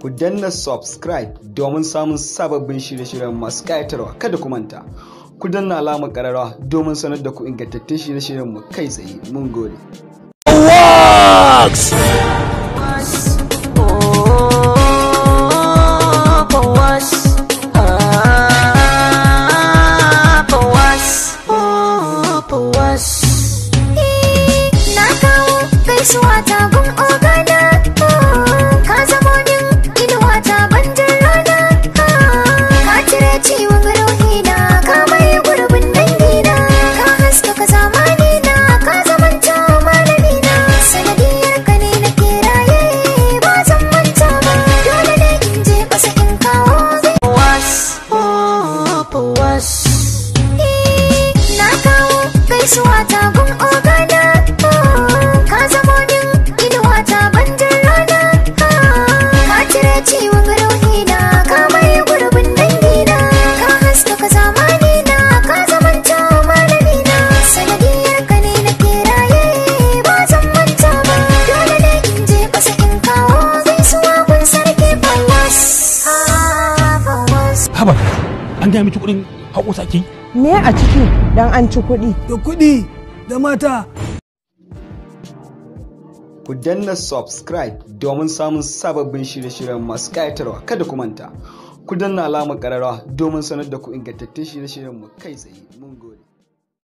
ku danna subscribe domin samun sababbin shirye-shiryen masu kayatarwa, kada ku manta ku danna alamar kararwa, domin sanar da ku ingantattun shirye-shiryen mu kai tsaye mun gode. gaisuwa ogana ka inuwa ta ka ciwon na ka mai gurbin dangi ka haskaka zamani na ka zamanta na sanadiyar ne na manta ba dole ne in je gaisuwa sarki ah, an gaya miki kuɗin haƙo sake yi me a ciki don an ci kuɗi da kuɗi da mata ku danna subscribe domin samun sababbin shirye-shiryen masu ƙayatarwa kada ku manta ku danna alamar ƙararwa domin sanar da ku ingantattun shirye-shiryen mu kai tsaye